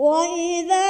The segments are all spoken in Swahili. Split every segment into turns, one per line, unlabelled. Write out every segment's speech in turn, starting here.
وإذا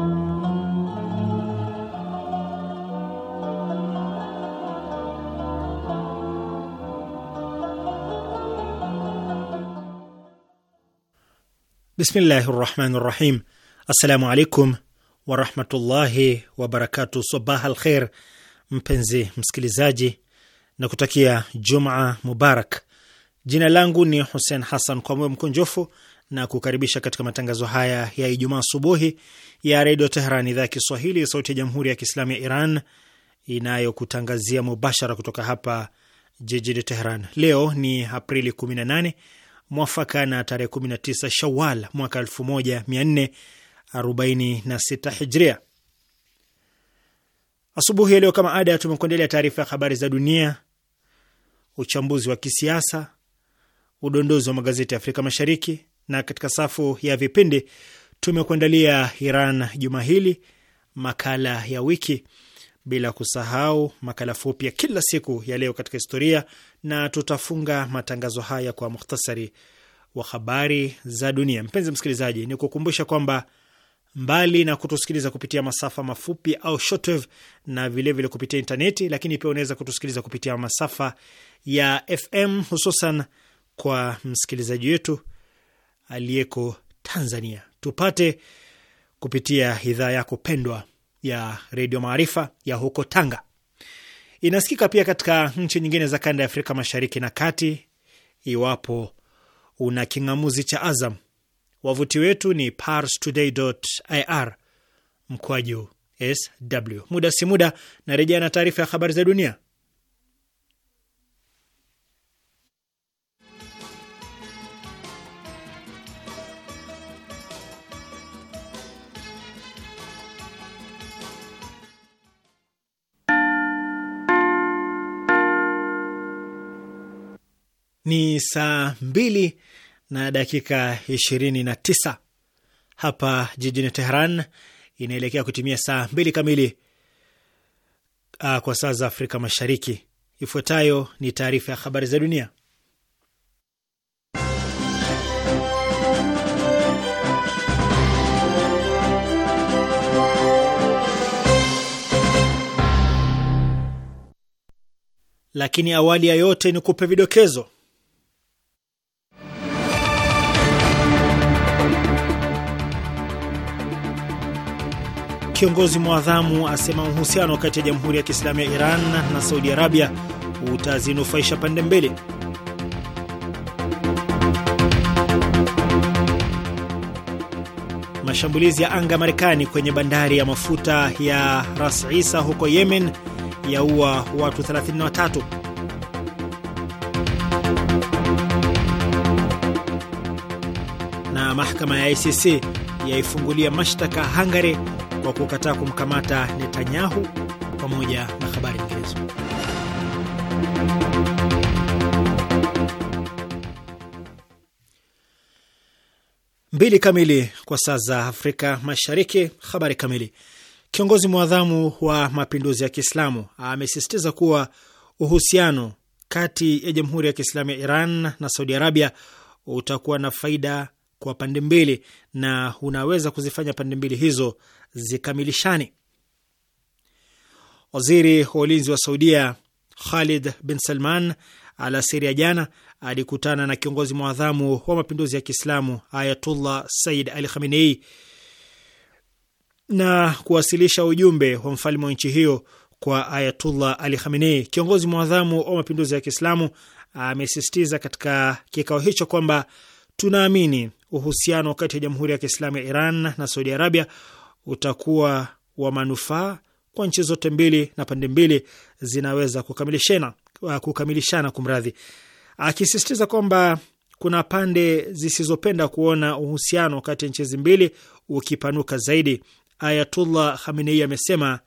Bismillahi rahmani rahim. Assalamu alaikum warahmatullahi wabarakatu. Sabah al kher mpenzi msikilizaji, na kutakia Juma Mubarak. Jina langu ni Hussein Hassan kwa moyo mkunjufu na kukaribisha katika matangazo haya ya Ijumaa asubuhi ya Redio Tehran, idhaa ya Kiswahili, sauti ya Jamhuri ya Kiislamu ya Iran inayokutangazia mubashara kutoka hapa jijini Tehran. Leo ni Aprili 18 mwafaka na tarehe 19 Shawal mwaka 1446 Hijria. Asubuhi ya leo kama ada, tumekuendelea taarifa ya habari za dunia, uchambuzi wa kisiasa, udondozi wa magazeti ya Afrika Mashariki, na katika safu ya vipindi tumekuandalia Iran juma hili, makala ya wiki bila kusahau makala fupi ya kila siku ya leo katika historia, na tutafunga matangazo haya kwa muhtasari wa habari za dunia. Mpenzi msikilizaji, ni kukumbusha kwamba mbali na kutusikiliza kupitia masafa mafupi au shortwave na vilevile vile kupitia intaneti, lakini pia unaweza kutusikiliza kupitia masafa ya FM, hususan kwa msikilizaji wetu aliyeko Tanzania. Tupate kupitia idhaa yako pendwa ya Redio Maarifa ya huko Tanga. Inasikika pia katika nchi nyingine za kanda ya Afrika Mashariki na Kati iwapo una king'amuzi cha Azam. Wavuti wetu ni parstoday.ir mkwaju sw. Muda si muda narejea na taarifa ya habari za dunia. Ni saa mbili na dakika ishirini na tisa hapa jijini teheran inaelekea kutimia saa mbili kamili aa, ah, kwa saa za Afrika Mashariki. Ifuatayo ni taarifa ya habari za dunia, lakini awali ya yote ni kupe vidokezo Kiongozi mwadhamu asema uhusiano kati ya Jamhuri ya Kiislamu ya Iran na Saudi Arabia utazinufaisha pande mbili. Mashambulizi ya anga Marekani kwenye bandari ya mafuta ya Ras Isa huko Yemen yaua watu 33. Na mahakama ya ICC yaifungulia mashtaka Hungary kwa kukataa kumkamata Netanyahu pamoja na habari nyinginezo. Mbili kamili kwa saa za Afrika Mashariki. Habari kamili. Kiongozi mwadhamu wa mapinduzi ya Kiislamu amesisitiza kuwa uhusiano kati ya Jamhuri ya Kiislamu ya Iran na Saudi Arabia utakuwa na faida kwa pande mbili na unaweza kuzifanya pande mbili hizo zikamilishane. Waziri wa ulinzi wa Saudia Khalid bin Salman alasiri ya jana alikutana na kiongozi mwadhamu wa mapinduzi ya Kiislamu Ayatullah Said Ali Khamenei na kuwasilisha ujumbe wa mfalme wa nchi hiyo kwa Ayatullah Ali Khamenei. Kiongozi mwadhamu wa mapinduzi ya Kiislamu amesisitiza katika kikao hicho kwamba tunaamini uhusiano kati ya Jamhuri ya Kiislamu ya Iran na Saudi Arabia utakuwa wa manufaa kwa nchi zote mbili na pande mbili zinaweza kukamilishana, uh, kukamilishana kumradhi, akisisitiza kwamba kuna pande zisizopenda kuona uhusiano kati ya nchi hizi mbili ukipanuka zaidi. Ayatullah Khamenei amesema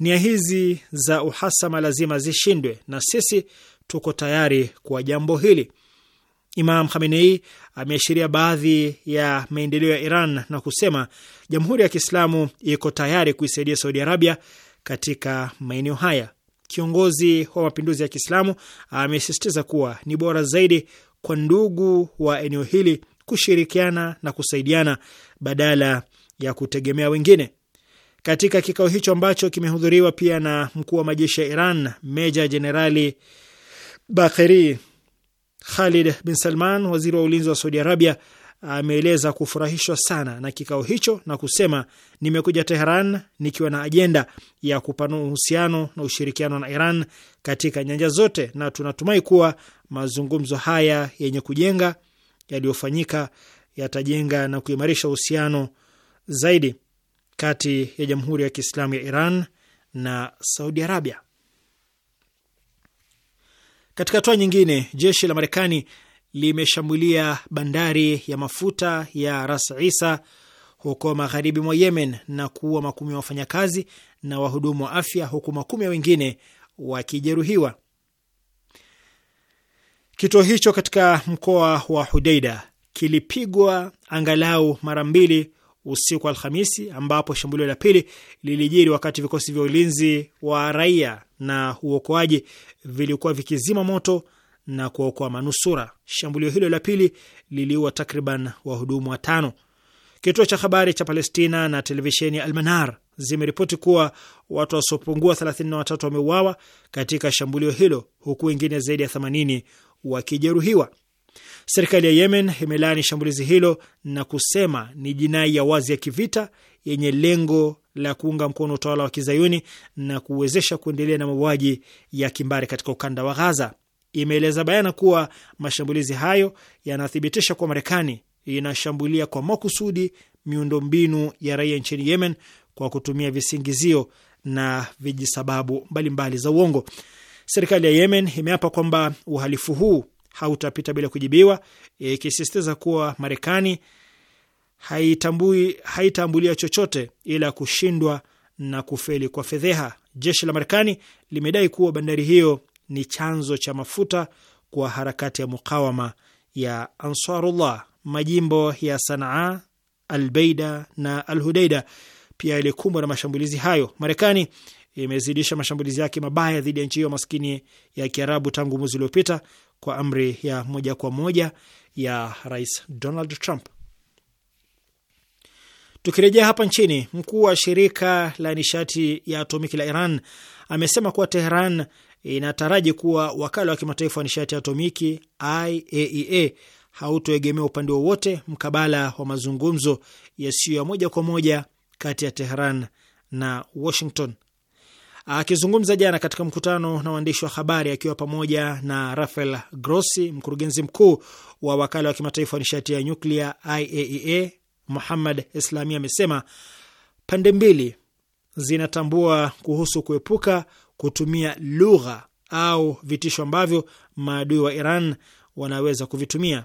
nia hizi za uhasama lazima zishindwe na sisi tuko tayari kwa jambo hili. Imam Khamenei ameashiria baadhi ya maendeleo ya Iran na kusema Jamhuri ya Kiislamu iko tayari kuisaidia Saudi Arabia katika maeneo haya. Kiongozi wa mapinduzi ya Kiislamu amesisitiza kuwa ni bora zaidi kwa ndugu wa eneo hili kushirikiana na kusaidiana badala ya kutegemea wengine. Katika kikao hicho ambacho kimehudhuriwa pia na mkuu wa majeshi ya Iran meja jenerali Bakheri Khalid bin Salman, waziri wa ulinzi wa Saudi Arabia ameeleza kufurahishwa sana na kikao hicho na kusema, nimekuja Teheran nikiwa na ajenda ya kupanua uhusiano na ushirikiano na Iran katika nyanja zote, na tunatumai kuwa mazungumzo haya yenye kujenga yaliyofanyika yatajenga na kuimarisha uhusiano zaidi kati ya Jamhuri ya Kiislamu ya Iran na Saudi Arabia. Katika hatua nyingine, jeshi la Marekani limeshambulia bandari ya mafuta ya Ras Isa huko magharibi mwa Yemen na kuua makumi ya wafanyakazi na wahudumu wa afya huku makumi ya wengine wakijeruhiwa. Kituo hicho katika mkoa wa Hudeida kilipigwa angalau mara mbili usiku Alhamisi, ambapo shambulio la pili lilijiri wakati vikosi vya ulinzi wa raia na uokoaji vilikuwa vikizima moto na kuwaokoa manusura. Shambulio hilo la pili liliua takriban wahudumu watano. Kituo cha habari cha Palestina na televisheni Almanar zimeripoti kuwa watu wasiopungua 33 wameuawa katika shambulio hilo huku wengine zaidi ya 80 wakijeruhiwa. Serikali ya Yemen imelaani shambulizi hilo na kusema ni jinai ya wazi ya kivita yenye lengo la kuunga mkono utawala wa kizayuni na kuwezesha kuendelea na mauaji ya kimbari katika ukanda wa Ghaza imeeleza bayana kuwa mashambulizi hayo yanathibitisha kuwa Marekani inashambulia kwa makusudi miundombinu ya raia nchini Yemen kwa kutumia visingizio na vijisababu mbalimbali mbali za uongo. Serikali ya Yemen imeapa kwamba uhalifu huu hautapita bila kujibiwa, ikisisitiza kuwa Marekani haitambui haitambulia chochote ila kushindwa na kufeli kwa fedheha. Jeshi la Marekani limedai kuwa bandari hiyo ni chanzo cha mafuta kwa harakati ya mukawama ya Ansarullah. Majimbo ya Sanaa, Albeida na Alhudeida pia yalikumbwa na mashambulizi hayo. Marekani imezidisha mashambulizi yake mabaya dhidi ya nchi hiyo maskini ya Kiarabu tangu mwezi uliopita kwa amri ya moja kwa moja ya Rais Donald Trump. Tukirejea hapa nchini, mkuu wa shirika la nishati ya atomiki la Iran amesema kuwa Teheran inataraji kuwa wakala wa kimataifa wa nishati ya atomiki IAEA e hautoegemea upande wowote mkabala wa mazungumzo yasiyo ya moja kwa moja kati ya Tehran na Washington. Akizungumza jana katika mkutano na waandishi wa habari akiwa pamoja na Rafael Grossi, mkurugenzi mkuu wa wakala wa kimataifa wa nishati ya nyuklia IAEA, e Muhammad Islami amesema pande mbili zinatambua kuhusu kuepuka kutumia lugha au vitisho ambavyo maadui wa Iran wanaweza kuvitumia.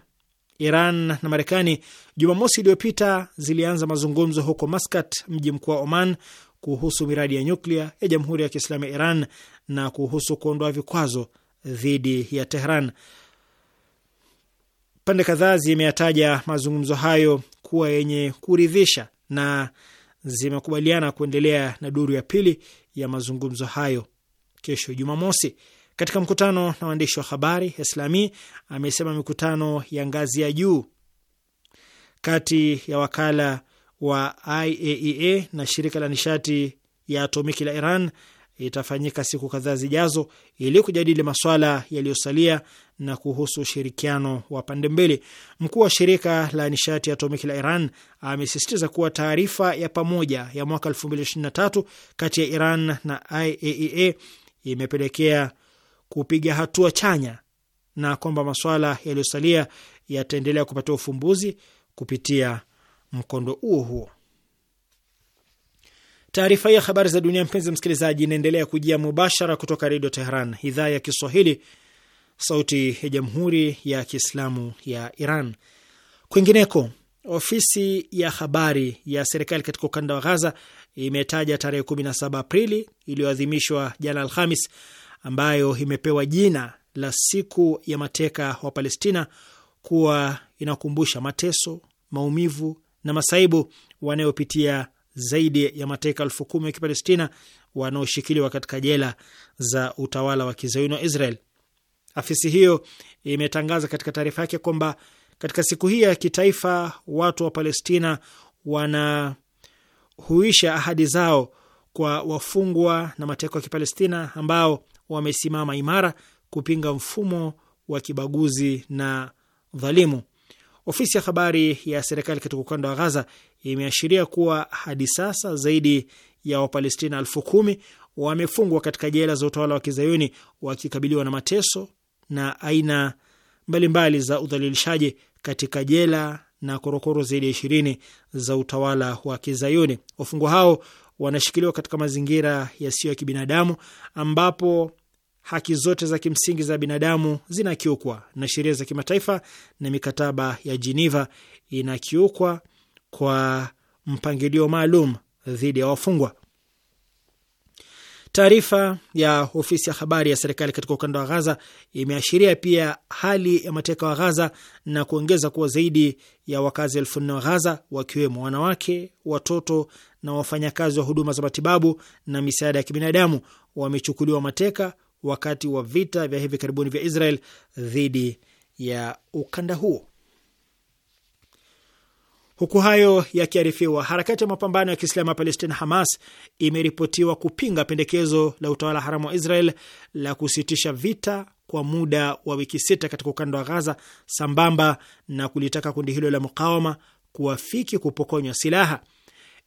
Iran na Marekani Jumamosi iliyopita zilianza mazungumzo huko Maskat, mji mkuu wa Oman, kuhusu miradi ya nyuklia ya Jamhuri ya Kiislamu ya Iran na kuhusu kuondoa vikwazo dhidi ya Tehran. Pande kadhaa zimeyataja mazungumzo hayo kuwa yenye kuridhisha na zimekubaliana kuendelea na duru ya pili ya mazungumzo hayo kesho Jumamosi. Katika mkutano na waandishi wa habari, Islami amesema mikutano ya ngazi ya juu kati ya wakala wa IAEA e na shirika la nishati ya atomiki la Iran itafanyika siku kadhaa zijazo ili kujadili maswala yaliyosalia na kuhusu ushirikiano wa pande mbili. Mkuu wa shirika la nishati ya atomiki la Iran amesisitiza kuwa taarifa ya pamoja ya mwaka 2023 kati ya Iran na IAEA e imepelekea kupiga hatua chanya na kwamba masuala yaliyosalia yataendelea kupata ufumbuzi kupitia mkondo huo huo. Taarifa hii ya habari za dunia, mpenzi msikilizaji, inaendelea kujia mubashara kutoka Redio Teheran, idhaa ya Kiswahili, sauti ya Jamhuri ya Kiislamu ya Iran. Kwingineko, Ofisi ya habari ya serikali katika ukanda wa Ghaza imetaja tarehe 17 Aprili iliyoadhimishwa jana Alhamis, ambayo imepewa jina la siku ya mateka wa Palestina kuwa inakumbusha mateso, maumivu na masaibu wanayopitia zaidi ya mateka elfu kumi wa Kipalestina wanaoshikiliwa katika jela za utawala wa kizayuni wa Israel. Afisi hiyo imetangaza katika taarifa yake kwamba katika siku hii ya kitaifa, watu wa Palestina wanahuisha ahadi zao kwa wafungwa na mateka ya Kipalestina ambao wamesimama imara kupinga mfumo wa kibaguzi na dhalimu. Ofisi ya habari ya serikali katika ukanda wa Ghaza imeashiria kuwa hadi sasa zaidi ya Wapalestina elfu kumi wamefungwa katika jela za utawala wa kizayuni wakikabiliwa na mateso na aina mbalimbali za udhalilishaji katika jela na korokoro zaidi ya ishirini za utawala wa Kizayuni. Wafungwa hao wanashikiliwa katika mazingira yasiyo ya kibinadamu ambapo haki zote za kimsingi za binadamu zinakiukwa na sheria za kimataifa na mikataba ya jiniva inakiukwa kwa mpangilio maalum dhidi ya wafungwa. Taarifa ya ofisi ya habari ya serikali katika ukanda wa Ghaza imeashiria pia hali ya mateka wa Ghaza na kuongeza kuwa zaidi ya wakazi elfu nne wa Ghaza, wakiwemo wanawake, watoto na wafanyakazi wa huduma za matibabu na misaada ya kibinadamu wamechukuliwa mateka wakati wa vita vya hivi karibuni vya Israel dhidi ya ukanda huo. Huku hayo yakiarifiwa, harakati ya mapambano ya Kiislamu ya Palestina, Hamas, imeripotiwa kupinga pendekezo la utawala haramu wa Israel la kusitisha vita kwa muda wa wiki sita katika ukanda wa Ghaza, sambamba na kulitaka kundi hilo la mukawama kuwafiki kupokonywa silaha.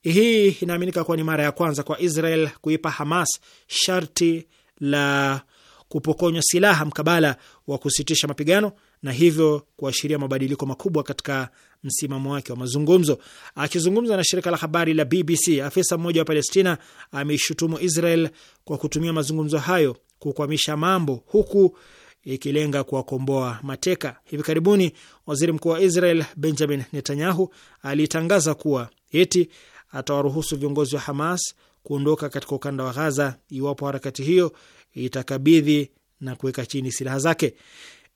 Hii inaaminika kuwa ni mara ya kwanza kwa Israel kuipa Hamas sharti la kupokonywa silaha mkabala wa kusitisha mapigano na hivyo kuashiria mabadiliko makubwa katika msimamo wake wa mazungumzo. Akizungumza na shirika la habari la BBC, afisa mmoja wa Palestina ameishutumu Israel kwa kutumia mazungumzo hayo kukwamisha mambo, huku ikilenga kuwakomboa mateka. Hivi karibuni waziri mkuu wa Israel Benjamin Netanyahu alitangaza kuwa eti atawaruhusu viongozi wa Hamas kuondoka katika ukanda wa Ghaza iwapo harakati hiyo itakabidhi na kuweka chini silaha zake.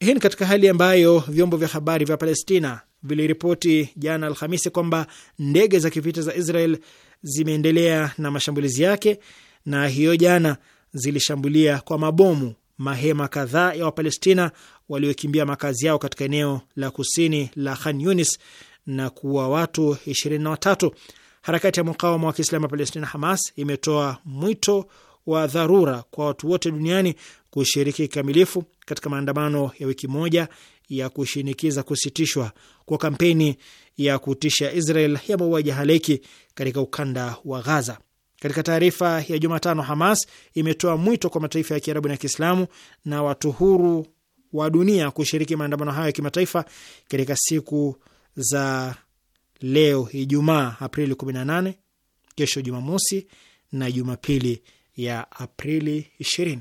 Hii ni katika hali ambayo vyombo vya habari vya Palestina viliripoti jana Alhamisi kwamba ndege za kivita za Israel zimeendelea na mashambulizi yake, na hiyo jana zilishambulia kwa mabomu mahema kadhaa ya Wapalestina waliokimbia makazi yao katika eneo la kusini la Khan Yunis na kuua watu ishirini na watatu. Harakati ya mukawama wa Kiislamu ya Palestina, Hamas, imetoa mwito wa dharura kwa watu wote duniani kushiriki kikamilifu katika maandamano ya wiki moja ya kushinikiza kusitishwa kwa kampeni ya kutisha Israel ya mauaji halaiki katika ukanda wa Gaza. Katika taarifa ya Jumatano, Hamas imetoa mwito kwa mataifa ya Kiarabu na Kiislamu na watu huru wa dunia kushiriki maandamano hayo ya kimataifa katika siku za leo Ijumaa Aprili 18, kesho Jumamosi na Jumapili ya Aprili 20.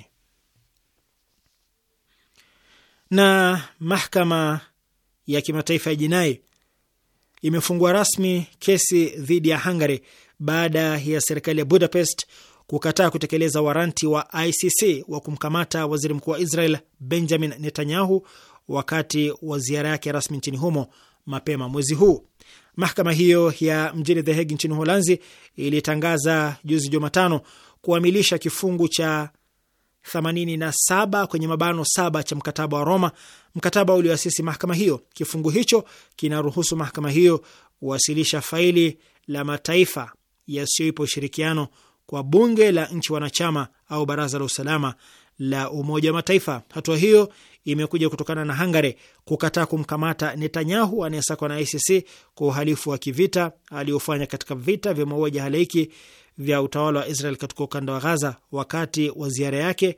Na mahakama ya kimataifa ya jinai imefungua rasmi kesi dhidi ya Hungary baada ya serikali ya Budapest kukataa kutekeleza waranti wa ICC wa kumkamata waziri mkuu wa Israel Benjamin Netanyahu wakati wa ziara yake rasmi nchini humo mapema mwezi huu. Mahakama hiyo ya mjini The Hague nchini Uholanzi ilitangaza juzi Jumatano kuamilisha kifungu cha 87 kwenye mabano saba cha mkataba wa Roma, mkataba ulioasisi mahakama hiyo. Kifungu hicho kinaruhusu mahakama hiyo kuwasilisha faili la mataifa yasiyoipa ushirikiano kwa bunge la nchi wanachama au baraza la usalama la Umoja wa Mataifa. Hatua hiyo imekuja kutokana na Hungary kukataa kumkamata Netanyahu anayesakwa na ICC kwa uhalifu wa kivita aliofanya katika vita vya mauaji halaiki vya utawala wa Israel katika ukanda wa Gaza wakati wa ziara yake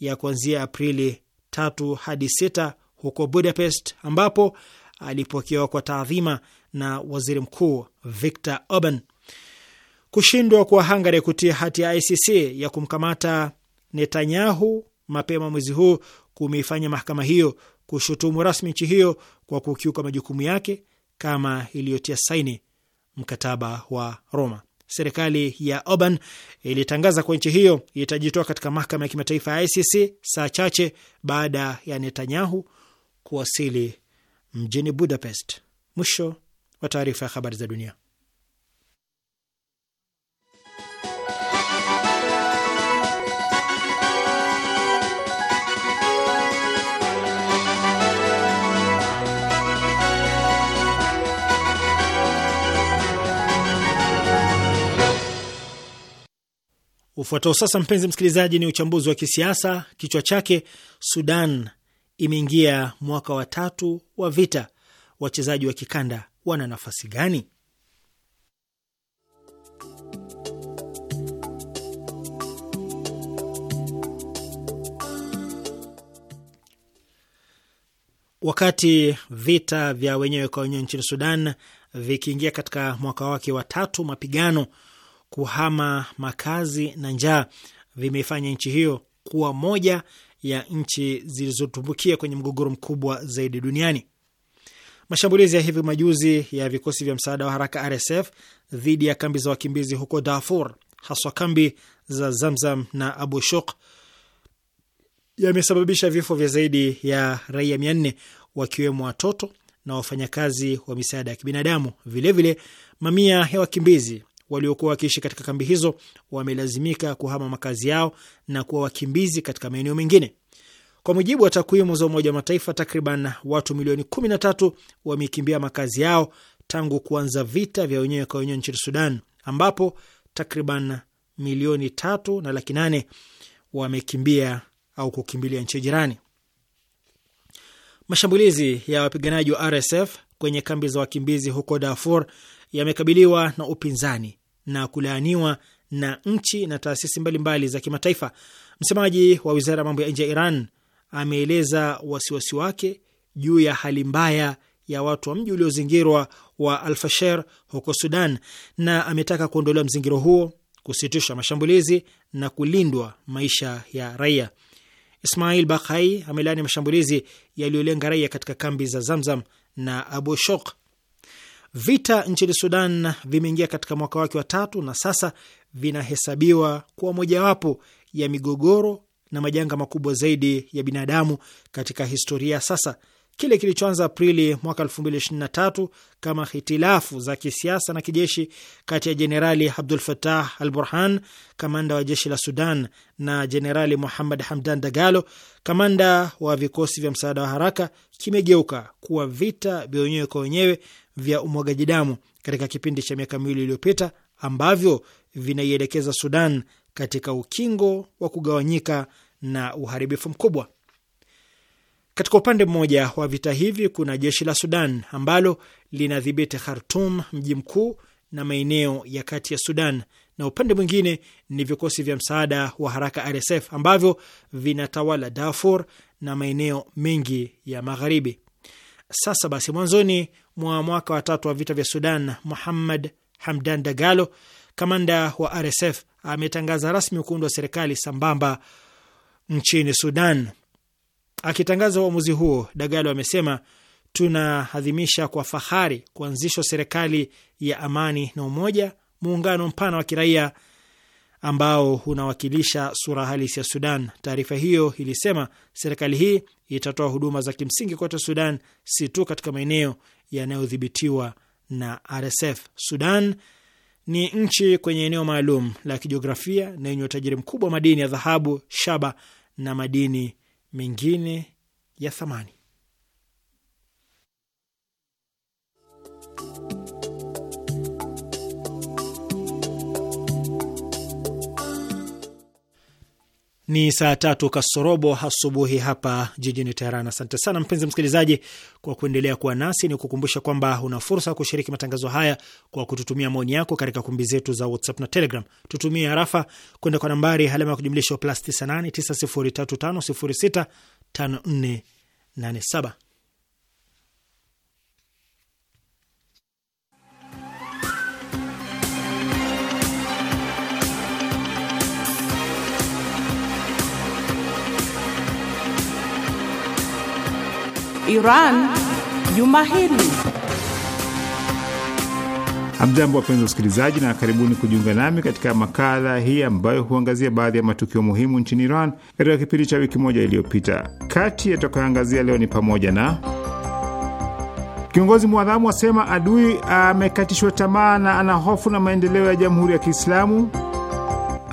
ya kuanzia Aprili tatu hadi sita huko Budapest ambapo alipokewa kwa taadhima na waziri mkuu Victor Orban. Kushindwa kwa Hungary kutia hati ya ICC ya kumkamata Netanyahu mapema mwezi huu kumeifanya mahakama hiyo kushutumu rasmi nchi hiyo kwa kukiuka majukumu yake kama iliyotia saini mkataba wa Roma. Serikali ya Oban ilitangaza kuwa nchi hiyo itajitoa katika mahakama ya kimataifa ya ICC saa chache baada ya Netanyahu kuwasili mjini Budapest. Mwisho wa taarifa ya habari za dunia. Ufuatao sasa, mpenzi msikilizaji, ni uchambuzi wa kisiasa, kichwa chake Sudan imeingia mwaka wa tatu wa vita, wachezaji wa kikanda wana nafasi gani? Wakati vita vya wenyewe kwa wenyewe nchini Sudan vikiingia katika mwaka wake wa tatu, mapigano kuhama makazi na njaa vimeifanya nchi hiyo kuwa moja ya nchi zilizotumbukia kwenye mgogoro mkubwa zaidi duniani. Mashambulizi ya hivi majuzi ya vikosi vya msaada wa haraka RSF dhidi ya kambi za wakimbizi huko Darfur, haswa kambi za Zamzam na Abu Shuk, yamesababisha vifo vya zaidi ya raia mia nne wakiwemo watoto na wafanyakazi wa misaada ya kibinadamu. Vilevile, mamia ya wakimbizi waliokuwa wakiishi katika kambi hizo wamelazimika kuhama makazi yao na kuwa wakimbizi katika maeneo mengine. Kwa mujibu wa takwimu za Umoja wa Mataifa, takriban watu milioni 13 wamekimbia makazi yao tangu kuanza vita vya wenyewe kwa wenyewe nchini Sudan, ambapo takriban milioni tatu na laki nane wamekimbia au kukimbilia nchi jirani. Mashambulizi ya wapiganaji wa RSF kwenye kambi za wakimbizi huko Darfur yamekabiliwa na upinzani na kulaaniwa na nchi na taasisi mbalimbali za kimataifa. Msemaji wa wizara ya mambo ya nje ya Iran ameeleza wasiwasi wake juu ya hali mbaya ya watu wa mji uliozingirwa wa Alfasher huko Sudan, na ametaka kuondolewa mzingiro huo, kusitishwa mashambulizi na kulindwa maisha ya raia. Ismail Bakai amelaani mashambulizi yaliyolenga raia katika kambi za Zamzam na Abu Shok Vita nchini Sudan vimeingia katika mwaka wake wa tatu na sasa vinahesabiwa kuwa mojawapo ya migogoro na majanga makubwa zaidi ya binadamu katika historia. Sasa kile kilichoanza Aprili mwaka 2023 kama hitilafu za kisiasa na kijeshi kati ya Jenerali Abdul Fatah Al Burhan, kamanda wa jeshi la Sudan, na Jenerali Muhammad Hamdan Dagalo, kamanda wa vikosi vya msaada wa haraka, kimegeuka kuwa vita vya wenyewe kwa wenyewe vya umwagaji damu katika kipindi cha miaka miwili iliyopita ambavyo vinaielekeza Sudan katika ukingo wa kugawanyika na uharibifu mkubwa. Katika upande mmoja wa vita hivi kuna jeshi la Sudan ambalo linadhibiti Khartum, mji mkuu na maeneo ya kati ya Sudan, na upande mwingine ni vikosi vya msaada wa haraka RSF ambavyo vinatawala Darfur na maeneo mengi ya magharibi. Sasa basi, mwanzoni mwa mwaka wa tatu wa vita vya Sudan, Muhammad Hamdan Dagalo, kamanda wa RSF, ametangaza rasmi wa serikali sambamba nchini Sudan. Akitangaza uamuzi huo, Dagalo amesema tunaadhimisha kwa fahari kuanzishwa serikali ya amani na umoja, muungano mpana wa kiraia ambao unawakilisha sura halisi ya Sudan. Taarifa hiyo ilisema serikali hii itatoa huduma za kimsingi kote Sudan, si tu katika maeneo yanayodhibitiwa na RSF. Sudan ni nchi kwenye eneo maalum la kijiografia na yenye utajiri mkubwa wa madini ya dhahabu, shaba na madini mengine ya thamani. ni saa tatu kasorobo asubuhi hapa jijini Teheran. Asante sana mpenzi msikilizaji kwa kuendelea kuwa nasi. Ni kukumbusha kwamba una fursa ya kushiriki matangazo haya kwa kututumia maoni yako katika kumbi zetu za WhatsApp na Telegram. Tutumie harafa kwenda kwa nambari alama ya kujumlisha plus 98 9035065487.
Iran juma hili.
Hamjambo, wapenzi wasikilizaji, na karibuni kujiunga nami katika makala hii ambayo huangazia baadhi ya matukio muhimu nchini Iran katika kipindi cha wiki moja iliyopita. Kati yatakayoangazia leo ni pamoja na kiongozi mwadhamu asema adui amekatishwa tamaa na ana hofu na maendeleo ya Jamhuri ya Kiislamu,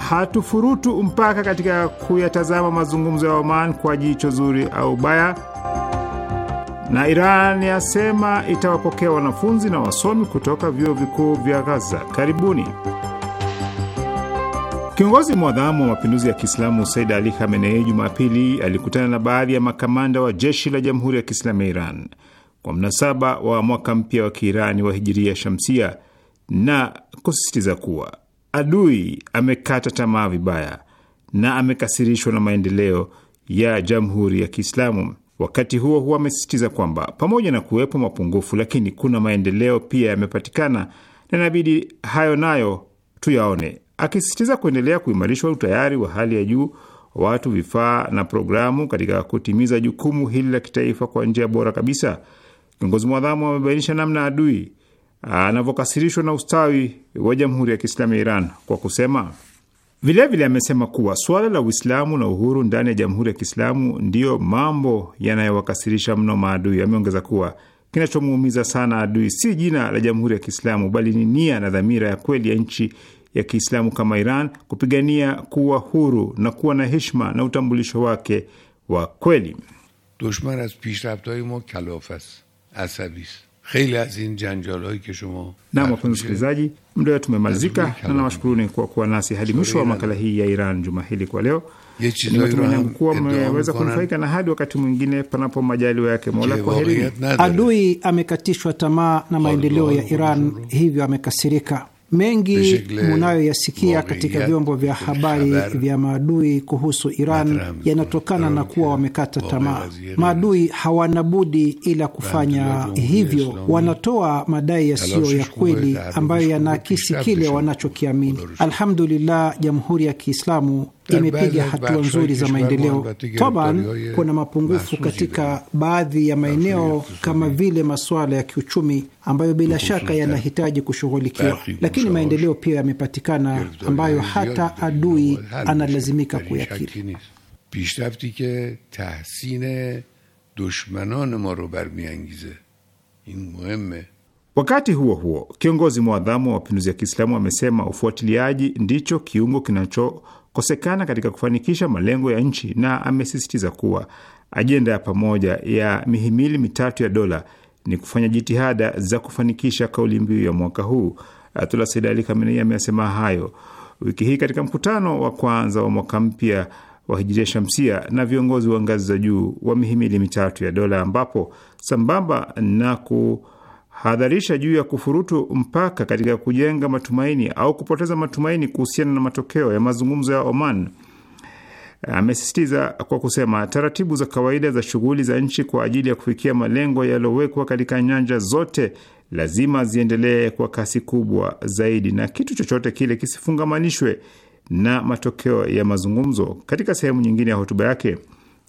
hatufurutu mpaka katika kuyatazama mazungumzo ya Oman kwa jicho zuri au baya na Iran yasema itawapokea wanafunzi na wasomi kutoka vyuo vikuu vya gaza karibuni. Kiongozi mwadhamu wa mapinduzi ya Kiislamu Said Ali Khamenei Jumapili alikutana na baadhi ya makamanda wa jeshi la jamhuri ya Kiislamu ya Iran kwa mnasaba wa mwaka mpya wa Kiirani wa hijiria shamsia na kusisitiza kuwa adui amekata tamaa vibaya na amekasirishwa na maendeleo ya jamhuri ya Kiislamu. Wakati huo huo, amesisitiza kwamba pamoja na kuwepo mapungufu, lakini kuna maendeleo pia yamepatikana na inabidi hayo nayo tuyaone, akisisitiza kuendelea kuimarishwa utayari wa hali ya juu watu, vifaa na programu katika kutimiza jukumu hili la kitaifa kwa njia bora kabisa. Kiongozi mwadhamu amebainisha namna adui anavyokasirishwa na ustawi wa Jamhuri ya Kiislamu ya Iran kwa kusema Vilevile amesema kuwa suala la Uislamu na uhuru ndani ya Jamhuri ya Kiislamu ndiyo mambo yanayowakasirisha mno maadui. Ameongeza kuwa kinachomuumiza sana adui si jina la Jamhuri ya Kiislamu bali ni nia na dhamira ya kweli ya nchi ya Kiislamu kama Iran kupigania kuwa huru na kuwa na heshima na utambulisho wake wa kweli. dushman az
pishraftaye mo kalaf ast Kheli az in janjalhoi ke shumo. Nam wapenzi msikilizaji,
muda wetu umemalizika na nawashukuruni kwa kuwa nasi hadi mwisho wa makala hii ya Iran juma hili kwa leo. Ni matumaini yangu kuwa mmeweza kunufaika, na hadi wakati mwingine, panapo majaliwa yake Mola. Kwa heri.
Adui amekatishwa tamaa na maendeleo ya Iran, hivyo amekasirika Mengi munayoyasikia katika vyombo vya habari vya maadui kuhusu Iran yanatokana na kuwa wamekata tamaa. Maadui hawana budi ila kufanya hivyo. Wanatoa madai yasiyo ya kweli ambayo yanaakisi kile wanachokiamini. Alhamdulillah, Jamhuri ya Kiislamu imepiga hatua nzuri za maendeleo. Taban kuna mapungufu katika baadhi ya maeneo kama vile masuala ya kiuchumi ambayo bila shaka yanahitaji kushughulikiwa, lakini maendeleo pia yamepatikana ambayo hata adui analazimika kuyakiri. pishrafti ke tahsin dushmanan ma ro barmiangize in muhimme Wakati huo huo, kiongozi
mwadhamu wa mapinduzi ya Kiislamu amesema ufuatiliaji ndicho kiungo kinacho kukosekana katika kufanikisha malengo ya nchi, na amesisitiza kuwa ajenda ya pamoja ya mihimili mitatu ya dola ni kufanya jitihada za kufanikisha kauli mbiu ya mwaka huu. Ayatullah Sayyid Ali Khamenei amesema hayo wiki hii katika mkutano wa kwanza wa mwaka mpya wa hijiria shamsia na viongozi wa ngazi za juu wa mihimili mitatu ya dola, ambapo sambamba na ku hadharisha juu ya kufurutu mpaka katika kujenga matumaini au kupoteza matumaini kuhusiana na matokeo ya mazungumzo ya Oman. Amesisitiza kwa kusema taratibu za kawaida za shughuli za nchi kwa ajili ya kufikia malengo yaliyowekwa katika nyanja zote lazima ziendelee kwa kasi kubwa zaidi, na kitu chochote kile kisifungamanishwe na matokeo ya mazungumzo. Katika sehemu nyingine ya hotuba yake,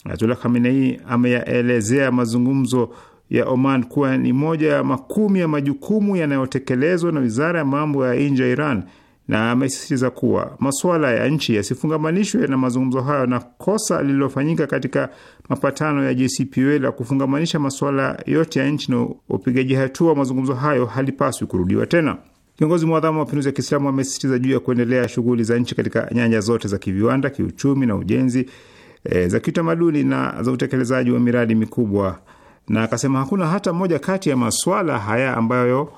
Ayatullah Khamenei ameyaelezea mazungumzo ya Oman kuwa ni moja ya makumi ya majukumu yanayotekelezwa na wizara ya mambo ya nje ya Iran na amesisitiza kuwa masuala ya nchi yasifungamanishwe na mazungumzo hayo na kosa lililofanyika katika mapatano ya JCPOA la kufungamanisha masuala yote ya nchi na upigaji hatua mazungumzo hayo halipaswi kurudiwa tena. Kiongozi mwadhamu wa mapinduzi ya Kiislamu amesisitiza juu ya kuendelea shughuli za nchi katika nyanja zote za kiviwanda, kiuchumi na ujenzi, e, za kitamaduni na za utekelezaji wa miradi mikubwa na akasema hakuna hata moja kati ya maswala haya ambayo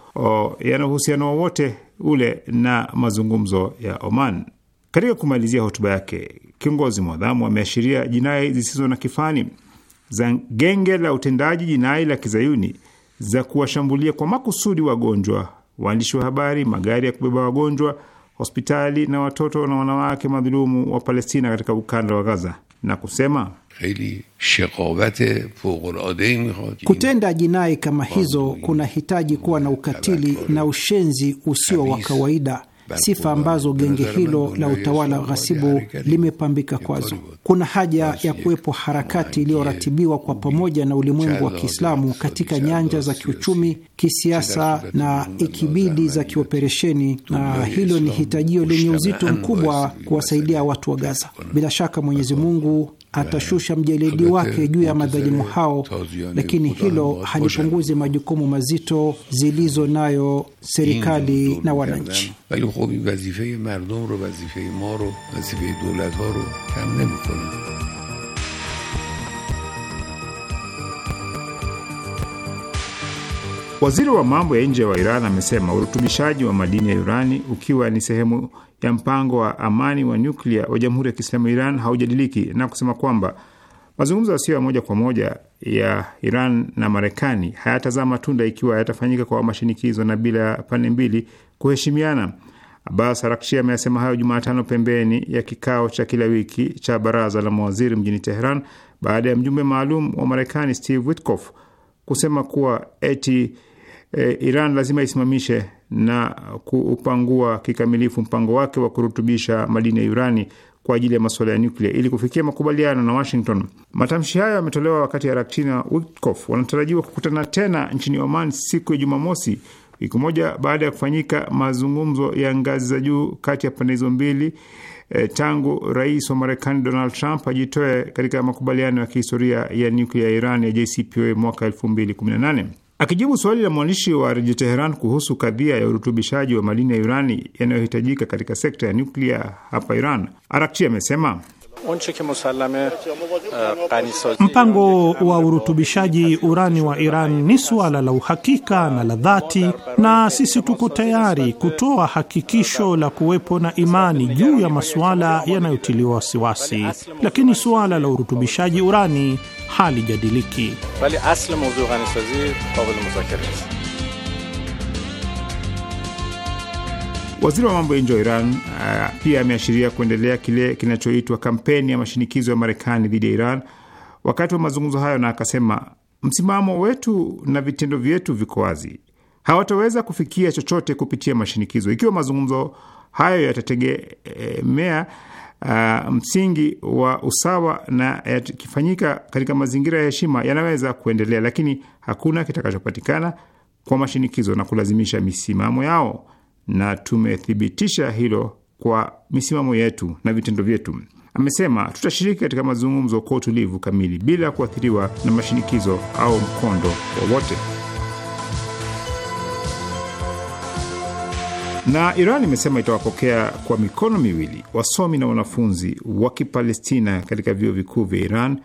yana uhusiano wowote ule na mazungumzo ya Oman. Katika kumalizia hotuba yake, kiongozi mwadhamu ameashiria jinai zisizo na kifani za genge la utendaji jinai la kizayuni za kuwashambulia kwa makusudi wagonjwa, waandishi wa habari, magari ya kubeba wagonjwa, hospitali na watoto na wanawake madhulumu wa Palestina katika ukanda wa Gaza na kusema
Kutenda jinai kama hizo kunahitaji kuwa na ukatili na ushenzi usio wa kawaida, sifa ambazo genge hilo la utawala ghasibu limepambika kwazo. Kuna haja ya kuwepo harakati iliyoratibiwa kwa pamoja na ulimwengu wa Kiislamu katika nyanja za kiuchumi, kisiasa na ikibidi za kioperesheni, na hilo ni hitajio lenye uzito mkubwa kuwasaidia watu wa Gaza. Bila shaka Mwenyezi Mungu atashusha mjeledi wake juu ya madhalimu hao, lakini hilo halipunguzi majukumu mazito zilizo nayo serikali na wananchi.
Waziri wa mambo ya nje wa Iran amesema urutubishaji wa madini ya urani ukiwa ni sehemu ya mpango wa amani wa nyuklia wa Jamhuri ya Kiislamu ya Iran haujadiliki na kusema kwamba mazungumzo yasiyo ya moja kwa moja ya Iran na Marekani hayatazaa matunda ikiwa yatafanyika kwa mashinikizo na bila ya pande mbili kuheshimiana. Abbas Araghchi ameyasema hayo Jumatano pembeni ya kikao cha kila wiki cha baraza la mawaziri mjini Teheran baada ya mjumbe maalum wa Marekani Steve Witkoff kusema kuwa eti eh, Iran lazima isimamishe na kupangua kikamilifu mpango wake wa kurutubisha madini ya urani kwa ajili ya masuala ya nyuklia ili kufikia makubaliano na Washington. Matamshi hayo yametolewa wakati Araktin na Witkoff wanatarajiwa kukutana tena nchini Oman siku ya Jumamosi, wiki moja baada ya kufanyika mazungumzo ya ngazi za juu kati ya pande hizo mbili e, tangu rais wa Marekani Donald Trump ajitoe katika makubaliano ya kihistoria ya nyuklia ya Iran ya JCPOA mwaka 2018. Akijibu swali la mwandishi wa redio Teheran kuhusu kadhia ya urutubishaji wa madini ya urani yanayohitajika katika sekta ya nyuklia hapa Iran, Arakchi amesema
mpango wa urutubishaji urani wa Iran ni suala la uhakika na la dhati, na sisi tuko tayari kutoa hakikisho la kuwepo na imani juu ya masuala yanayotiliwa wasiwasi, lakini suala la urutubishaji urani halijadiliki.
ولی اصل موضوع غنیسازی قابل مذاکره است
Waziri wa mambo ya nje wa Iran eh, pia ameashiria kuendelea kile kinachoitwa kampeni ya mashinikizo ya Marekani dhidi ya Iran wakati wa mazungumzo hayo, na akasema msimamo wetu na vitendo vyetu viko wazi, hawataweza kufikia chochote kupitia mashinikizo. Ikiwa mazungumzo hayo yatategemea uh, msingi wa usawa na yakifanyika katika mazingira ya heshima yanaweza kuendelea, lakini hakuna kitakachopatikana kwa mashinikizo na kulazimisha misimamo yao, na tumethibitisha hilo kwa misimamo yetu na vitendo vyetu. Amesema tutashiriki katika mazungumzo kwa utulivu kamili bila kuathiriwa na mashinikizo au mkondo wowote. Na Iran imesema itawapokea kwa mikono miwili wasomi na wanafunzi wa Kipalestina katika vyuo vikuu vya Iran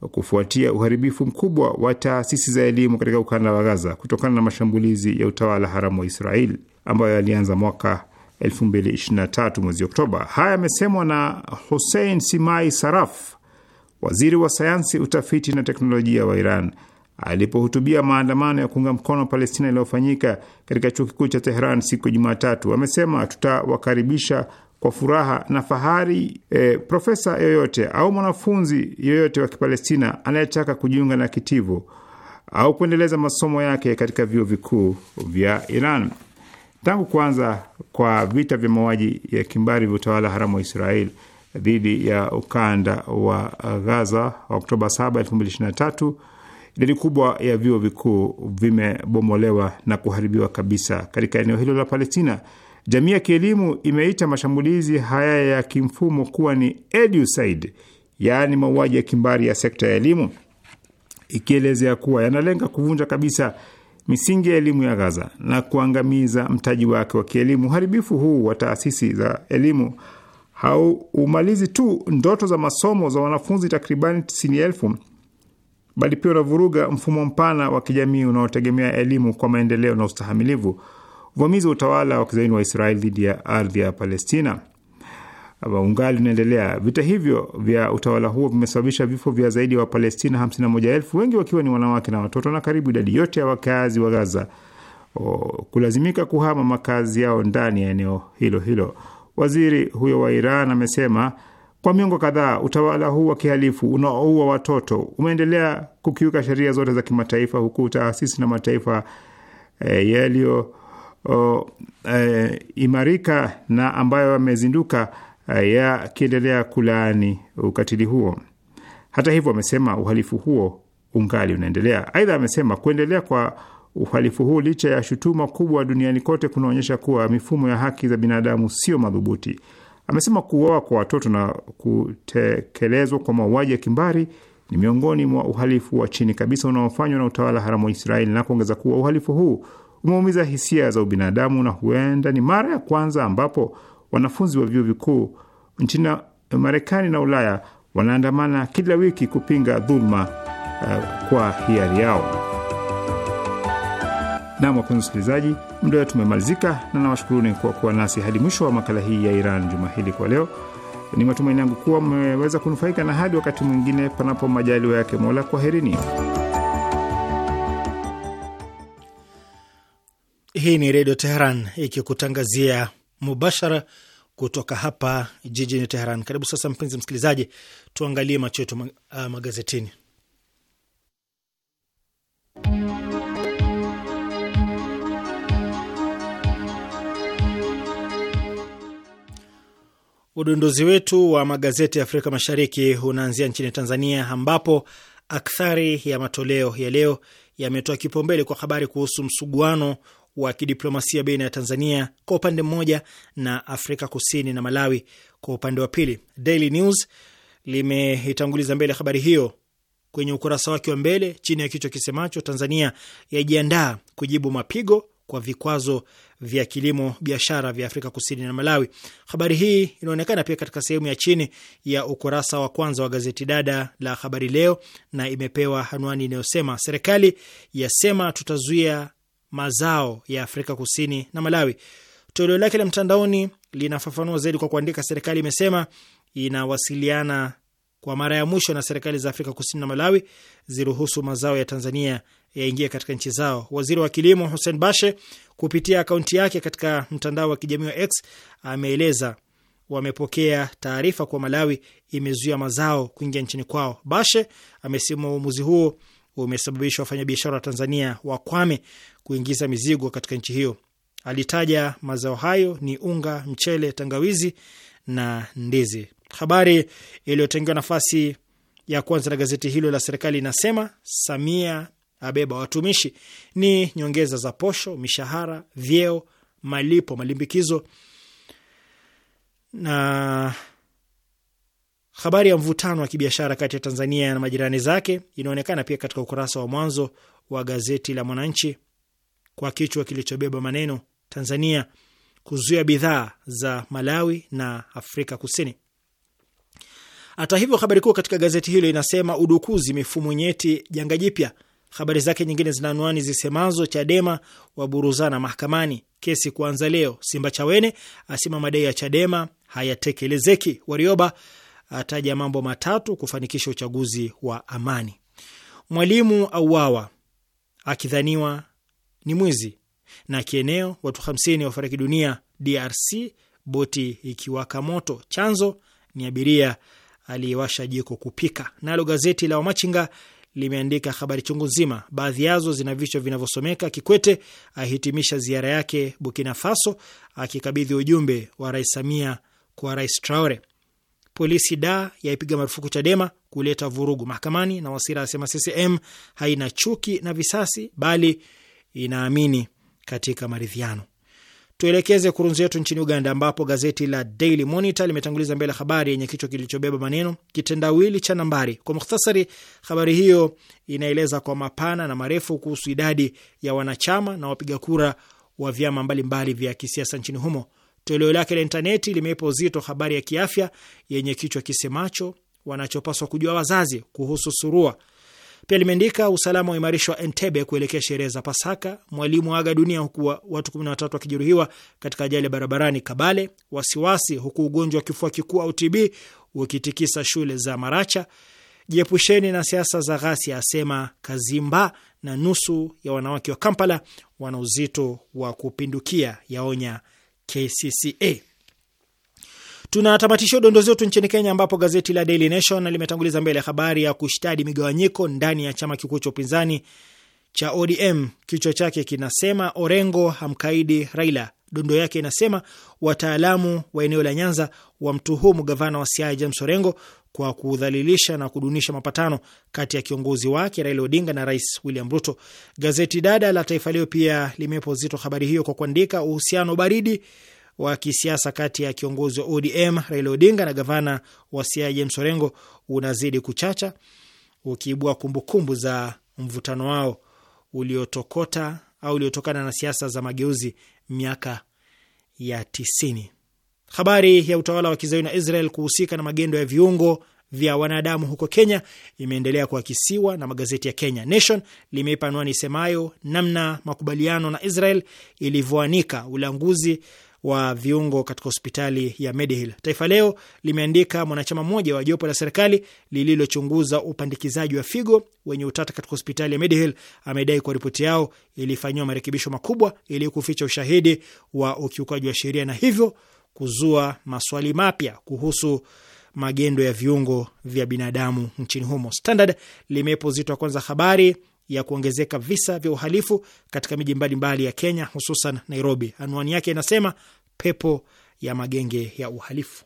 kufuatia uharibifu mkubwa wa taasisi za elimu katika ukanda wa Gaza kutokana na mashambulizi ya utawala haramu wa Israel ambayo yalianza mwaka 2023 mwezi Oktoba. Haya yamesemwa na Hussein Simai Saraf, waziri wa sayansi, utafiti na teknolojia wa Iran alipohutubia maandamano ya kuunga mkono Palestina yaliyofanyika katika chuo kikuu cha Tehran siku ya Jumatatu, amesema tutawakaribisha kwa furaha na fahari e, profesa yoyote au mwanafunzi yoyote wa Kipalestina anayetaka kujiunga na kitivo au kuendeleza masomo yake katika vyuo vikuu vya Iran. Tangu kuanza kwa vita vya mauaji ya kimbari vya utawala haramu wa Israel dhidi ya ukanda wa Gaza Oktoba 7, 2023 Idadi kubwa ya vyuo vikuu vimebomolewa na kuharibiwa kabisa katika eneo hilo la Palestina. Jamii ya kielimu imeita mashambulizi haya ya kimfumo kuwa ni eduside, yaani mauaji ya kimbari ya sekta ya elimu, ikielezea kuwa yanalenga kuvunja kabisa misingi ya elimu ya Gaza na kuangamiza mtaji wake wa kielimu. Uharibifu huu wa taasisi za elimu hauumalizi tu ndoto za masomo za wanafunzi takribani tisini elfu bali pia unavuruga mfumo mpana wa kijamii unaotegemea elimu kwa maendeleo na ustahamilivu. Uvamizi wa utawala wa kizaini wa Israeli dhidi ya ardhi ya Palestina ungali unaendelea. Vita hivyo vya utawala huo vimesababisha vifo vya zaidi ya wa Wapalestina 51,000 wengi wakiwa ni wanawake na watoto, na karibu idadi yote ya wakazi wa Gaza o, kulazimika kuhama makazi yao ndani ya eneo hilo hilo. Waziri huyo wa Iran amesema kwa miongo kadhaa utawala huu wa kihalifu unaoua watoto umeendelea kukiuka sheria zote za kimataifa, huku taasisi na mataifa e, eh, yaliyoimarika eh, e, na ambayo yamezinduka e, yakiendelea kulaani ukatili huo. Hata hivyo, amesema uhalifu huo ungali unaendelea. Aidha, amesema kuendelea kwa uhalifu huu licha ya shutuma kubwa duniani kote kunaonyesha kuwa mifumo ya haki za binadamu sio madhubuti. Amesema kuuawa kwa watoto na kutekelezwa kwa mauaji ya kimbari ni miongoni mwa uhalifu wa chini kabisa unaofanywa na utawala haramu wa Israeli na kuongeza kuwa uhalifu huu umeumiza hisia za ubinadamu na huenda ni mara ya kwanza ambapo wanafunzi wa vyuo vikuu nchini Marekani na Ulaya wanaandamana kila wiki kupinga dhuluma uh, kwa hiari yao. Nam, wapenzi msikilizaji, muda wetu umemalizika na nawashukuruni kwa kuwa nasi hadi mwisho wa makala hii ya Iran juma hili. Kwa leo ni matumaini yangu kuwa mmeweza kunufaika, na hadi wakati mwingine, panapo majaliwa yake Mola, kwaherini.
Hii ni Redio Teheran ikikutangazia mubashara kutoka hapa jijini Teheran. Karibu sasa, mpenzi msikilizaji, tuangalie macho yetu ah, magazetini. Udondozi wetu wa magazeti ya Afrika Mashariki unaanzia nchini Tanzania, ambapo akthari ya matoleo ya leo yametoa kipaumbele kwa habari kuhusu msuguano wa kidiplomasia baina ya Tanzania kwa upande mmoja na Afrika Kusini na Malawi kwa upande wa pili. Daily News limeitanguliza mbele habari hiyo kwenye ukurasa wake wa mbele chini ya kichwa kisemacho Tanzania yajiandaa kujibu mapigo kwa vikwazo vya kilimo biashara vya Afrika Kusini na Malawi. Habari hii inaonekana pia katika sehemu ya chini ya ukurasa wa kwanza wa gazeti dada la Habari Leo na imepewa anwani inayosema serikali yasema tutazuia mazao ya Afrika Kusini na Malawi. Toleo lake la mtandaoni linafafanua zaidi kwa kuandika, serikali imesema inawasiliana kwa mara ya mwisho na serikali za Afrika Kusini na Malawi ziruhusu mazao ya Tanzania yaingia katika nchi zao. Waziri wa kilimo Hussein Bashe kupitia akaunti yake katika mtandao wa kijamii wa X ameeleza wamepokea taarifa kuwa Malawi imezuia mazao kuingia nchini kwao. Bashe amesema uamuzi huo umesababisha wafanyabiashara wa Tanzania wakwame kuingiza mizigo katika nchi hiyo. Alitaja mazao hayo ni unga, mchele, tangawizi na ndizi. Habari iliyotengewa nafasi ya kwanza na gazeti hilo la serikali inasema Samia abeba watumishi ni nyongeza za posho, mishahara, vyeo, malipo, malimbikizo na habari ya mvutano wa kibiashara kati ya Tanzania na majirani zake inaonekana pia katika ukurasa wa mwanzo wa gazeti la Mwananchi kwa kichwa kilichobeba maneno Tanzania kuzuia bidhaa za Malawi na Afrika Kusini. Hata hivyo, habari kuu katika gazeti hilo inasema udukuzi mifumo nyeti janga jipya. Habari zake nyingine zina anwani zisemazo: Chadema waburuzana mahakamani, kesi kuanza leo. Simba Chawene asema madai ya Chadema hayatekelezeki. Warioba ataja mambo matatu kufanikisha uchaguzi wa amani. Mwalimu auawa akidhaniwa ni mwizi. Na kieneo, watu 50 wafariki dunia DRC, boti ikiwaka moto. Chanzo ni abiria aliyewasha jiko kupika. Nalo gazeti la Wamachinga limeandika habari chungu nzima, baadhi yazo zina vichwa vinavyosomeka: Kikwete ahitimisha ziara yake Burkina Faso akikabidhi ujumbe wa Rais Samia kwa Rais Traore; polisi da yaipiga marufuku Chadema kuleta vurugu mahakamani; na Wasira asema CCM haina chuki na visasi, bali inaamini katika maridhiano. Tuelekeze kurunzi yetu nchini Uganda, ambapo gazeti la Daily Monitor limetanguliza mbele habari yenye kichwa kilichobeba maneno kitendawili cha nambari. Kwa mukhtasari, habari hiyo inaeleza kwa mapana na marefu kuhusu idadi ya wanachama na wapiga kura wa vyama mbalimbali vya kisiasa nchini humo. Toleo lake la intaneti limeipa uzito habari ya kiafya yenye kichwa kisemacho wanachopaswa kujua wazazi kuhusu surua pia limeandika usalama wa Entebe kuelekea sherehe za Pasaka. Mwalimu aga dunia huku watu kumi watatu wakijeruhiwa katika ajali ya barabarani Kabale. Wasiwasi huku ugonjwa wa kifua kikuu au TB ukitikisa shule za Maracha. Jiepusheni na siasa za ghasia, asema Kazimba. Na nusu ya wanawake wa Kampala wana uzito wa kupindukia, yaonya KCCA. Tunatamatishia dondoo zetu nchini Kenya, ambapo gazeti la Daily Nation limetanguliza mbele habari ya kushtadi migawanyiko ndani ya chama kikuu cha upinzani cha ODM. Kichwa chake kinasema Orengo hamkaidi Raila. Dondo yake inasema wataalamu wa eneo la Nyanza wamtuhumu gavana wa Siaya James Orengo kwa kudhalilisha na kudunisha mapatano kati ya kiongozi wake Raila Odinga na Rais William Ruto. Gazeti dada la Taifa Leo pia limepo zito habari hiyo kwa kuandika uhusiano baridi wa kisiasa kati ya kiongozi wa ODM Raila Odinga na gavana wa Siaya James Orengo unazidi kuchacha ukiibua kumbukumbu za mvutano wao uliotokota au uliotokana na siasa za mageuzi miaka ya tisini. Habari ya utawala wa kizayuni na Israel kuhusika na magendo ya viungo vya wanadamu huko Kenya imeendelea kuakisiwa na magazeti ya Kenya. Nation limeipa anwani semayo namna makubaliano na Israel ilivyoanika ulanguzi wa viungo katika hospitali ya Medihill. Taifa Leo limeandika mwanachama mmoja wa jopo la serikali lililochunguza upandikizaji wa figo wenye utata katika hospitali ya Medihill amedai kuwa ripoti yao ilifanyiwa marekebisho makubwa ili kuficha ushahidi wa ukiukaji wa sheria na hivyo kuzua maswali mapya kuhusu magendo ya viungo vya binadamu nchini humo. Standard limeipa uzito wa kwanza habari ya kuongezeka visa vya uhalifu katika miji mbalimbali ya Kenya, hususan Nairobi. Anwani yake inasema pepo ya magenge ya uhalifu.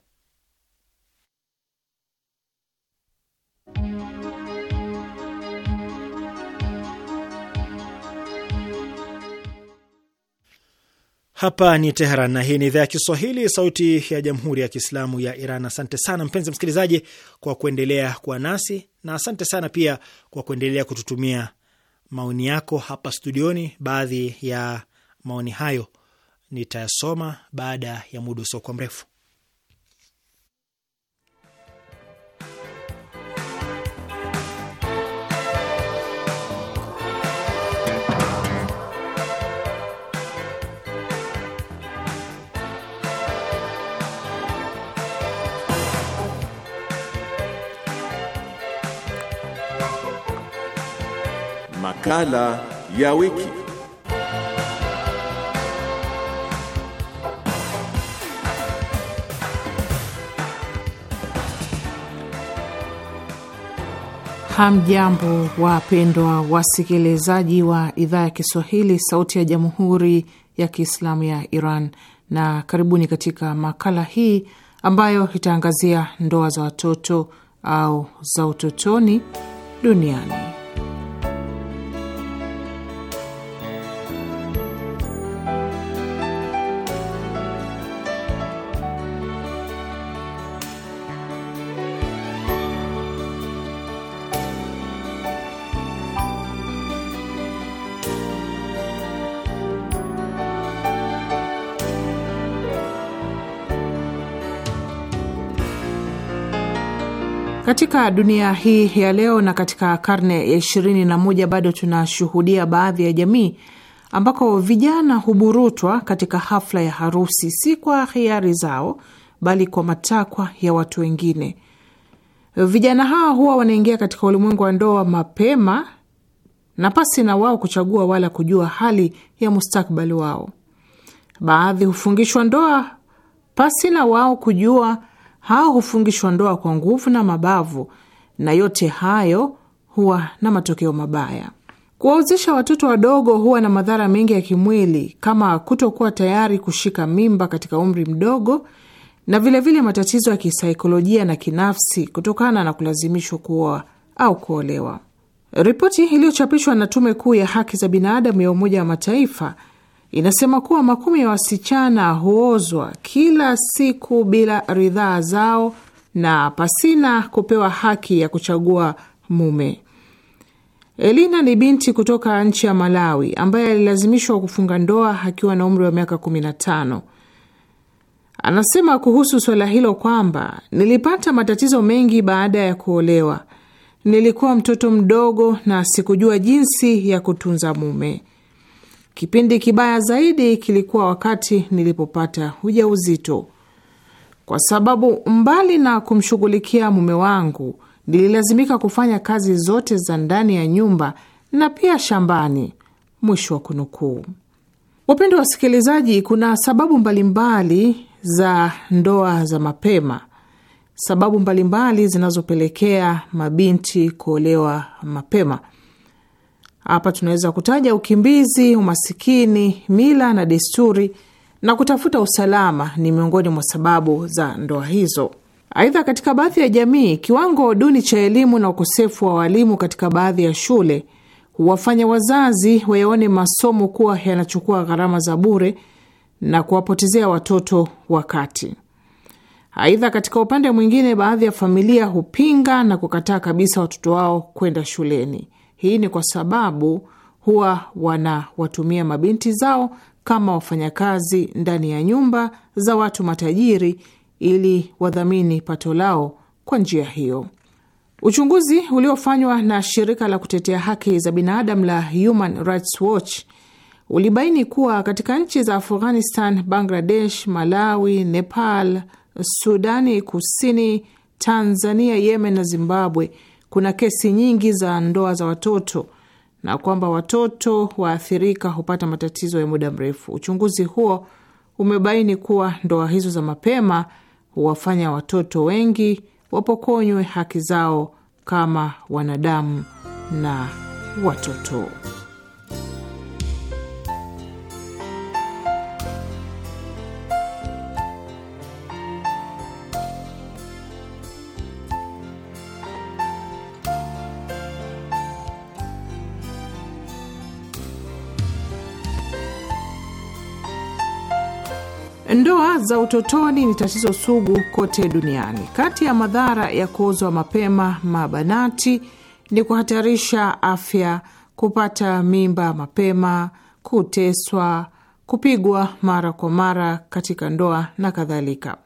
Hapa ni Teheran na hii ni idhaa ya Kiswahili, sauti ya jamhuri ya kiislamu ya Iran. Asante sana mpenzi msikilizaji kwa kuendelea kuwa nasi na asante sana pia kwa kuendelea kututumia maoni yako hapa studioni. Baadhi ya maoni hayo nitayasoma baada ya muda usiokuwa mrefu.
Makala ya wiki.
Hamjambo, wapendwa wasikilizaji wa idhaa ya Kiswahili, Sauti ya Jamhuri ya Kiislamu ya Iran, na karibuni katika makala hii ambayo itaangazia ndoa za watoto au za utotoni duniani. Katika dunia hii ya leo na katika karne ya ishirini na moja bado tunashuhudia baadhi ya jamii ambako vijana huburutwa katika hafla ya harusi, si kwa hiari zao, bali kwa matakwa ya watu wengine. Vijana hawa huwa wanaingia katika ulimwengu wa ndoa mapema na pasi na wao kuchagua wala kujua hali ya mustakbali wao. Baadhi hufungishwa ndoa pasi na wao kujua hao hufungishwa ndoa kwa nguvu na mabavu, na yote hayo huwa na matokeo mabaya. Kuwaozesha watoto wadogo huwa na madhara mengi ya kimwili kama kutokuwa tayari kushika mimba katika umri mdogo, na vilevile vile matatizo ya kisaikolojia na kinafsi kutokana na kulazimishwa kuoa au kuolewa. Ripoti iliyochapishwa na Tume Kuu ya Haki za Binadamu ya Umoja wa Mataifa inasema kuwa makumi ya wasichana huozwa kila siku bila ridhaa zao na pasina kupewa haki ya kuchagua mume. Elina ni binti kutoka nchi ya Malawi ambaye alilazimishwa kufunga ndoa akiwa na umri wa miaka 15. Anasema kuhusu swala hilo kwamba nilipata matatizo mengi baada ya kuolewa. Nilikuwa mtoto mdogo na sikujua jinsi ya kutunza mume. Kipindi kibaya zaidi kilikuwa wakati nilipopata ujauzito, kwa sababu mbali na kumshughulikia mume wangu, nililazimika kufanya kazi zote za ndani ya nyumba na pia shambani. Mwisho wa kunukuu. Wapendwa wasikilizaji, kuna sababu mbalimbali mbali za ndoa za mapema, sababu mbalimbali zinazopelekea mabinti kuolewa mapema. Hapa tunaweza kutaja ukimbizi, umasikini, mila na desturi na kutafuta usalama ni miongoni mwa sababu za ndoa hizo. Aidha, katika baadhi ya jamii, kiwango duni cha elimu na ukosefu wa walimu katika baadhi ya shule huwafanya wazazi wayaone masomo kuwa yanachukua gharama za bure na kuwapotezea watoto wakati. Aidha, katika upande mwingine, baadhi ya familia hupinga na kukataa kabisa watoto wao kwenda shuleni. Hii ni kwa sababu huwa wanawatumia mabinti zao kama wafanyakazi ndani ya nyumba za watu matajiri ili wadhamini pato lao kwa njia hiyo. Uchunguzi uliofanywa na shirika la kutetea haki za binadamu la Human Rights Watch ulibaini kuwa katika nchi za Afghanistan, Bangladesh, Malawi, Nepal, Sudani Kusini, Tanzania, Yemen na Zimbabwe kuna kesi nyingi za ndoa za watoto na kwamba watoto waathirika hupata matatizo ya muda mrefu. Uchunguzi huo umebaini kuwa ndoa hizo za mapema huwafanya watoto wengi wapokonywe haki zao kama wanadamu na watoto. Ndoa za utotoni ni tatizo sugu kote duniani. Kati ya madhara ya kuozwa mapema mabanati ni kuhatarisha afya, kupata mimba mapema, kuteswa, kupigwa mara kwa mara katika ndoa na kadhalika.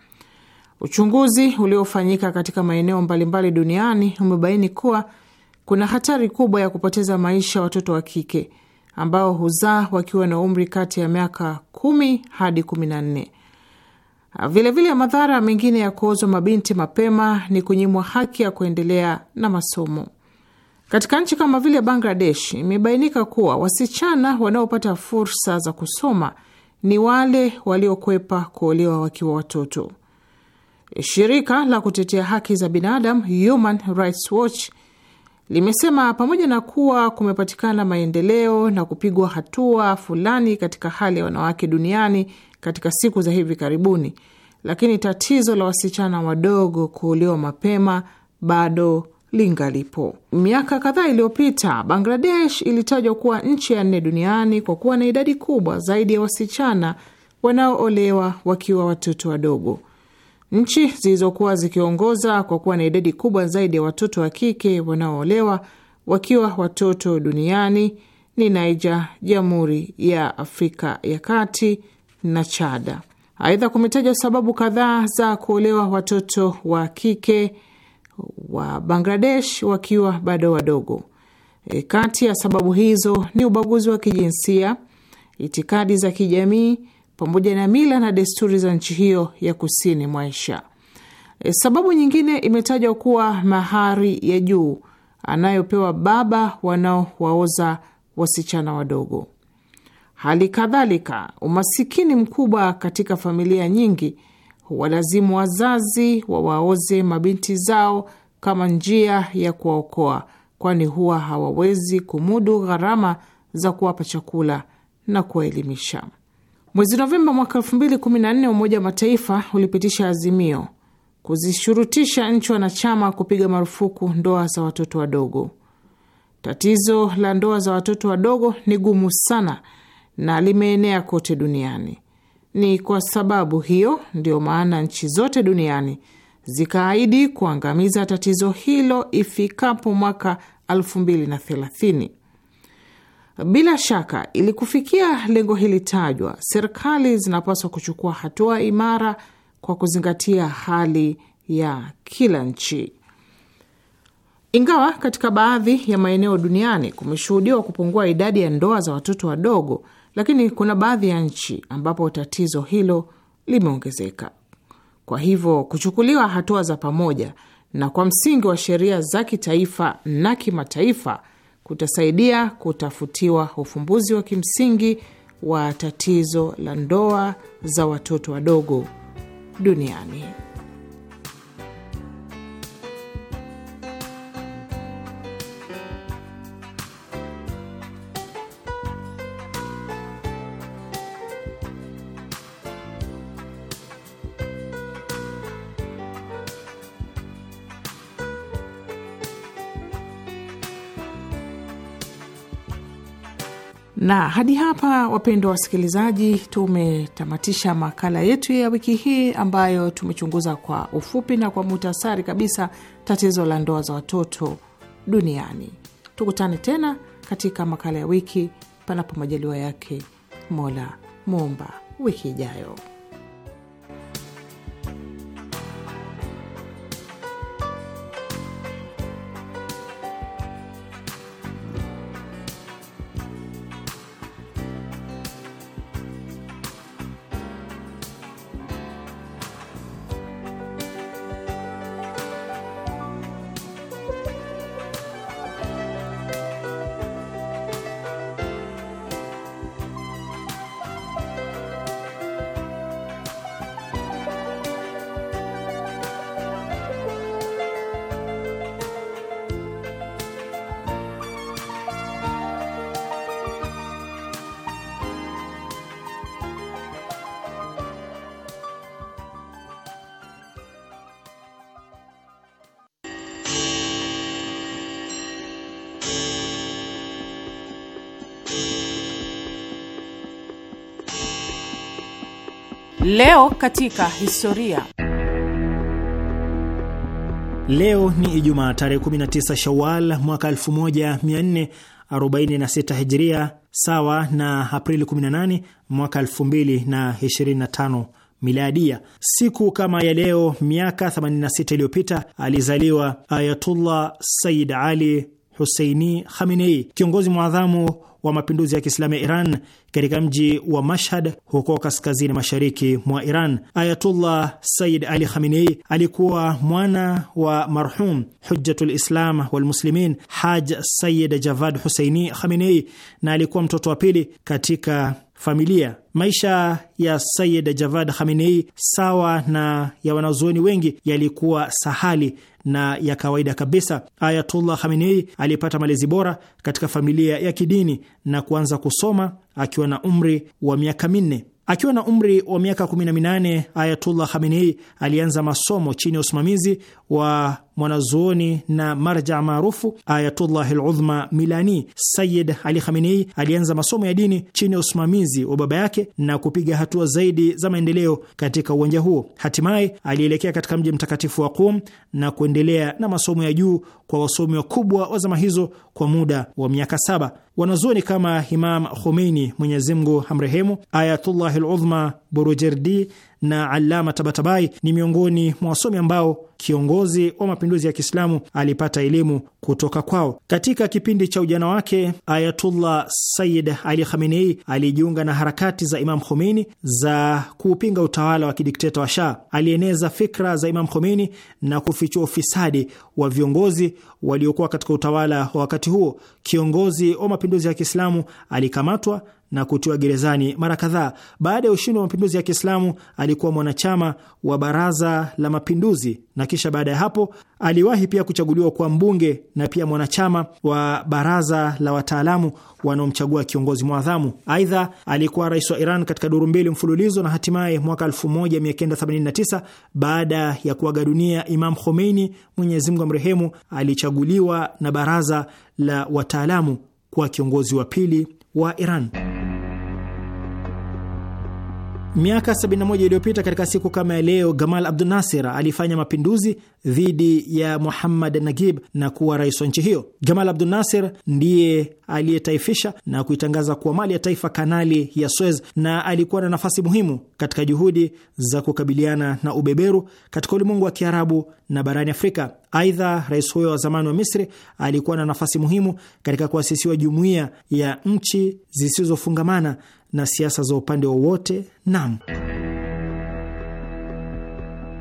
Uchunguzi uliofanyika katika maeneo mbalimbali duniani umebaini kuwa kuna hatari kubwa ya kupoteza maisha watoto wa kike ambao huzaa wakiwa na umri kati ya miaka kumi hadi kumi na nne. Vilevile, madhara mengine ya kuozwa mabinti mapema ni kunyimwa haki ya kuendelea na masomo. Katika nchi kama vile Bangladesh imebainika kuwa wasichana wanaopata fursa za kusoma ni wale waliokwepa kuolewa wakiwa watoto. Shirika la kutetea haki za binadamu Human Rights Watch limesema pamoja na kuwa kumepatikana maendeleo na kupigwa hatua fulani katika hali ya wanawake duniani katika siku za hivi karibuni, lakini tatizo la wasichana wadogo kuolewa mapema bado lingalipo. Miaka kadhaa iliyopita, Bangladesh ilitajwa kuwa nchi ya nne duniani kwa kuwa na idadi kubwa zaidi ya wasichana wanaoolewa wakiwa watoto wadogo. Nchi zilizokuwa zikiongoza kwa kuwa na idadi kubwa zaidi ya watoto wa kike wanaoolewa wakiwa watoto duniani ni Niger, Jamhuri ya Afrika ya Kati na Chada. Aidha, kumetaja sababu kadhaa za kuolewa watoto wa kike wa Bangladesh wakiwa bado wadogo. E, kati ya sababu hizo ni ubaguzi wa kijinsia, itikadi za kijamii pamoja na mila na desturi za nchi hiyo ya kusini mwa Asia. E, sababu nyingine imetajwa kuwa mahari ya juu anayopewa baba wanaowaoza wasichana wadogo. Hali kadhalika umasikini mkubwa katika familia nyingi huwalazimu wazazi wawaoze mabinti zao kama njia ya kuwaokoa, kwani huwa hawawezi kumudu gharama za kuwapa chakula na kuwaelimisha. Mwezi Novemba mwaka nne Umoja wa Mataifa ulipitisha azimio kuzishurutisha nchi wanachama kupiga marufuku ndoa za watoto wadogo. Tatizo la ndoa za watoto wadogo ni gumu sana na limeenea kote duniani. Ni kwa sababu hiyo ndiyo maana nchi zote duniani zikaahidi kuangamiza tatizo hilo ifikapo mwaka 2030. Bila shaka ili kufikia lengo hili tajwa, serikali zinapaswa kuchukua hatua imara kwa kuzingatia hali ya kila nchi. Ingawa katika baadhi ya maeneo duniani kumeshuhudiwa kupungua idadi ya ndoa za watoto wadogo, lakini kuna baadhi ya nchi ambapo tatizo hilo limeongezeka. Kwa hivyo kuchukuliwa hatua za pamoja na kwa msingi wa sheria za kitaifa na kimataifa kutasaidia kutafutiwa ufumbuzi wa kimsingi wa tatizo la ndoa za watoto wadogo duniani. na hadi hapa, wapendwa wasikilizaji, tumetamatisha makala yetu ya wiki hii ambayo tumechunguza kwa ufupi na kwa muhtasari kabisa tatizo la ndoa za watoto duniani. Tukutane tena katika makala ya wiki, panapo majaliwa yake Mola Muumba, wiki ijayo. Leo katika historia.
Leo ni Ijumaa tarehe 19 Shawal mwaka 1446 Hijria, sawa na Aprili 18 mwaka 2025 miladia. Siku kama ya leo miaka 86 iliyopita alizaliwa Ayatullah Sayyid Ali Husseini Khamenei, kiongozi mwadhamu wa mapinduzi ya Kiislamu ya Iran katika mji wa Mashhad huko kaskazini mashariki mwa Iran. Ayatullah Sayyid Ali Khamenei alikuwa mwana wa marhum Hujjatul Islam Walmuslimin Haj Sayyid Javad Huseini Khamenei, na alikuwa mtoto wa pili katika familia. Maisha ya Sayid Javad Khamenei, sawa na ya wanazuoni wengi, yalikuwa sahali na ya kawaida kabisa. Ayatullah Khamenei alipata malezi bora katika familia ya kidini na kuanza kusoma akiwa na umri wa miaka minne. Akiwa na umri wa miaka 18, Ayatullah Khamenei alianza masomo chini ya usimamizi wa mwanazuoni na marja maarufu Ayatullah Ludhma Milani, Sayid Ali Khamenei alianza masomo ya dini chini ya usimamizi wa baba yake na kupiga hatua zaidi za maendeleo katika uwanja huo. Hatimaye alielekea katika mji mtakatifu wa Qum na kuendelea na masomo ya juu kwa wasomi wakubwa wa zama hizo kwa muda wa miaka saba. Wanazuoni kama Imam Khomeini, Mwenyezi Mungu amrehemu, Ayatullah Ludhma Borujerdi na Alama Tabatabai ni miongoni mwa wasomi ambao kiongozi wa mapinduzi ya Kiislamu alipata elimu kutoka kwao. Katika kipindi cha ujana wake, Ayatullah Sayyid Ali Khamenei alijiunga na harakati za Imam Khomeini za kuupinga utawala wa kidikteta wa Shah. Alieneza fikra za Imam Khomeini na kufichua ufisadi wa viongozi waliokuwa katika utawala wa wakati huo. Kiongozi wa mapinduzi ya Kiislamu alikamatwa na kutiwa gerezani mara kadhaa. Baada ya ushindi wa mapinduzi ya Kiislamu alikuwa mwanachama wa Baraza la Mapinduzi, na kisha baada ya hapo aliwahi pia kuchaguliwa kuwa mbunge na pia mwanachama wa Baraza la Wataalamu wanaomchagua kiongozi mwadhamu. Aidha, alikuwa rais wa Iran katika duru mbili mfululizo, na hatimaye mwaka 1989 baada ya kuaga dunia Imam Khomeini, Mwenyezi Mungu amrehemu, alichaguliwa na Baraza la Wataalamu kuwa kiongozi wa pili wa Iran. Miaka 71 iliyopita katika siku kama ya leo, Gamal Abdu Nasir alifanya mapinduzi dhidi ya Muhammad Nagib na kuwa rais wa nchi hiyo. Gamal Abdu Nasir ndiye aliyetaifisha na kuitangaza kuwa mali ya taifa kanali ya Suez na alikuwa na nafasi muhimu katika juhudi za kukabiliana na ubeberu katika ulimwengu wa Kiarabu na barani Afrika. Aidha, rais huyo wa zamani wa Misri alikuwa na nafasi muhimu katika kuasisiwa jumuiya ya nchi zisizofungamana na siasa za upande wowote. Naam.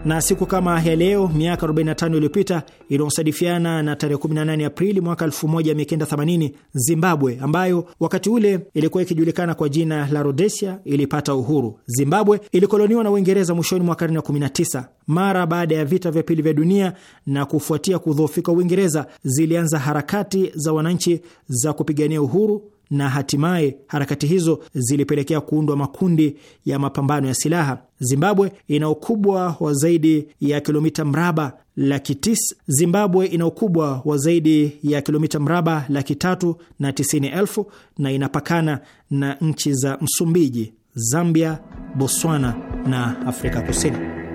Na siku kama ya leo miaka 45 iliyopita inaosadifiana na tarehe 18 Aprili mwaka 1980, Zimbabwe ambayo wakati ule ilikuwa ikijulikana kwa jina la Rhodesia ilipata uhuru. Zimbabwe ilikoloniwa na Uingereza mwishoni mwa karne ya 19. Mara baada ya vita vya pili vya dunia na kufuatia kudhoofika Uingereza, zilianza harakati za wananchi za kupigania uhuru na hatimaye harakati hizo zilipelekea kuundwa makundi ya mapambano ya silaha. Zimbabwe ina ukubwa wa zaidi ya kilomita mraba laki tisa. Zimbabwe ina ukubwa wa zaidi ya kilomita mraba laki tatu na tisini elfu na inapakana na nchi za Msumbiji, Zambia, Botswana na Afrika Kusini.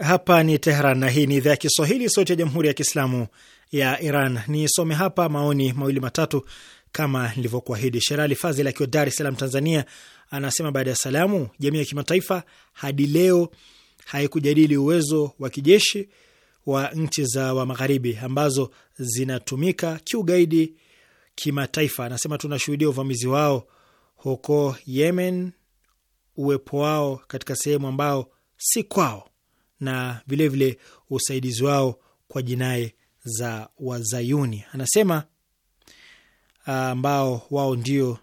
Hapa ni Tehran na hii ni idhaa ya Kiswahili, sauti ya jamhuri ya kiislamu ya Iran. Nisome hapa maoni mawili matatu kama nilivyokuahidi. Sherali Fazil akiwa Dar es Salaam, Tanzania, anasema baada ya salamu, jamii ya kimataifa hadi leo haikujadili uwezo wa kijeshi wa nchi za wa magharibi ambazo zinatumika kiugaidi kimataifa. Anasema tunashuhudia uvamizi wao huko Yemen, uwepo wao katika sehemu ambao si kwao na vilevile vile usaidizi wao kwa jinai za Wazayuni. Anasema ah, ambao wao ndio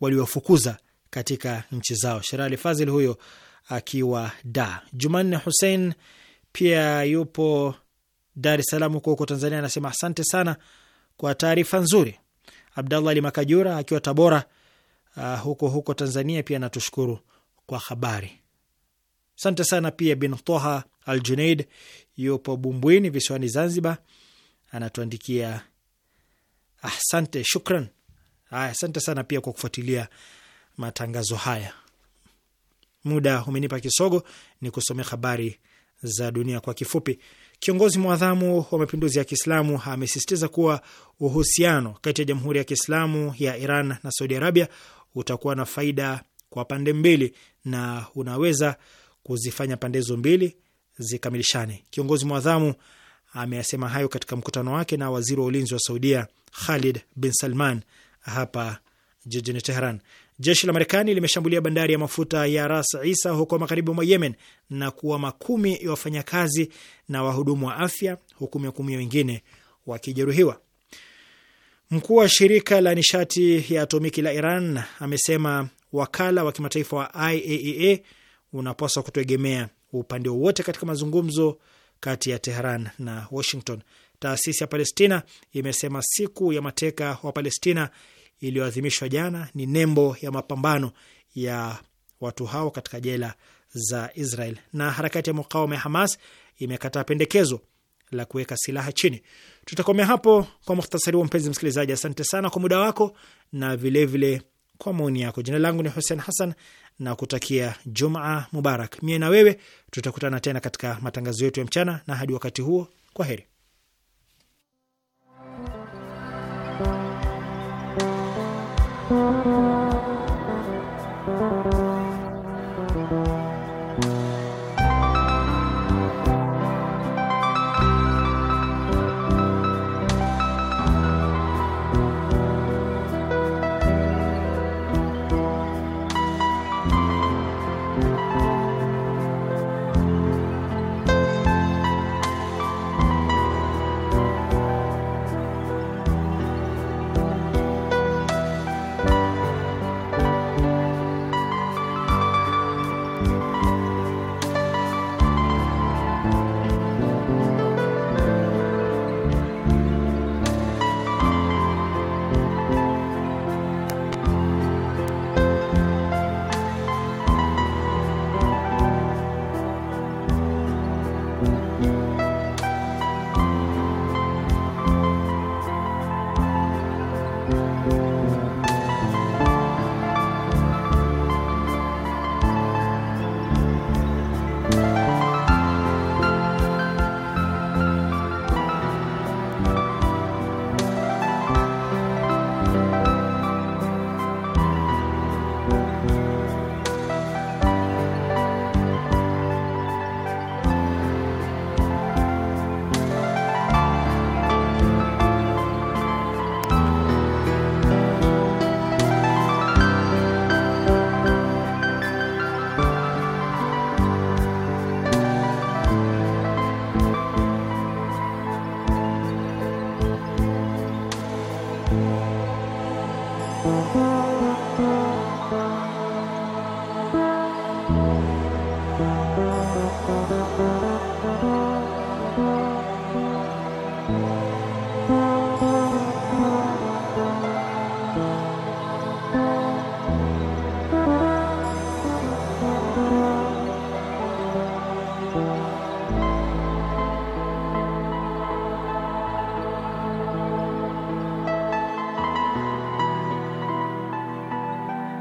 waliwafukuza katika nchi zao. Sherali Fazil huyo akiwa da. Jumanne Hussein pia yupo Dar es Salaam huko huko Tanzania, anasema asante sana kwa taarifa nzuri. Abdallah Ali Makajura akiwa Tabora ah, huko huko Tanzania pia anatushukuru kwa habari. Asante sana pia bin Toha al Junaid, yupo Bumbwini visiwani Zanzibar, anatuandikia asante. Ah, shukran. Haya, asante sana pia kwa kufuatilia matangazo haya. Muda umenipa kisogo, ni kusomea habari za dunia kwa kifupi. Kiongozi mwadhamu wa mapinduzi ya Kiislamu amesisitiza kuwa uhusiano kati ya Jamhuri ya Kiislamu ya Iran na Saudi Arabia utakuwa na faida kwa pande mbili na unaweza kuzifanya pande hizo mbili zikamilishane. Kiongozi mwadhamu ameyasema hayo katika mkutano wake na waziri wa ulinzi wa Saudia Khalid bin Salman hapa jijini Teheran. Jeshi la Marekani limeshambulia bandari ya mafuta ya Ras Isa huko magharibi mwa Yemen na kuwa makumi ya wafanyakazi na wahudumu wa afya, huku mia wengine wakijeruhiwa. Mkuu wa shirika la nishati ya atomiki la Iran amesema wakala wa kimataifa wa IAEA e unapaswa kutegemea upande wowote katika mazungumzo kati ya Tehran na Washington. Taasisi ya Palestina imesema siku ya mateka wa Palestina iliyoadhimishwa jana ni nembo ya mapambano ya watu hao katika jela za Israel. Na harakati ya mukawama ya Hamas imekataa pendekezo la kuweka silaha chini. Tutakomea hapo kwa muhtasari huo, mpenzi msikilizaji. Asante sana kwa muda wako na vilevile vile kwa maoni yako. Jina langu ni Hussein Hassan na kutakia Jumaa Mubarak. Mie na wewe tutakutana tena katika matangazo yetu ya mchana, na hadi wakati huo, kwa heri.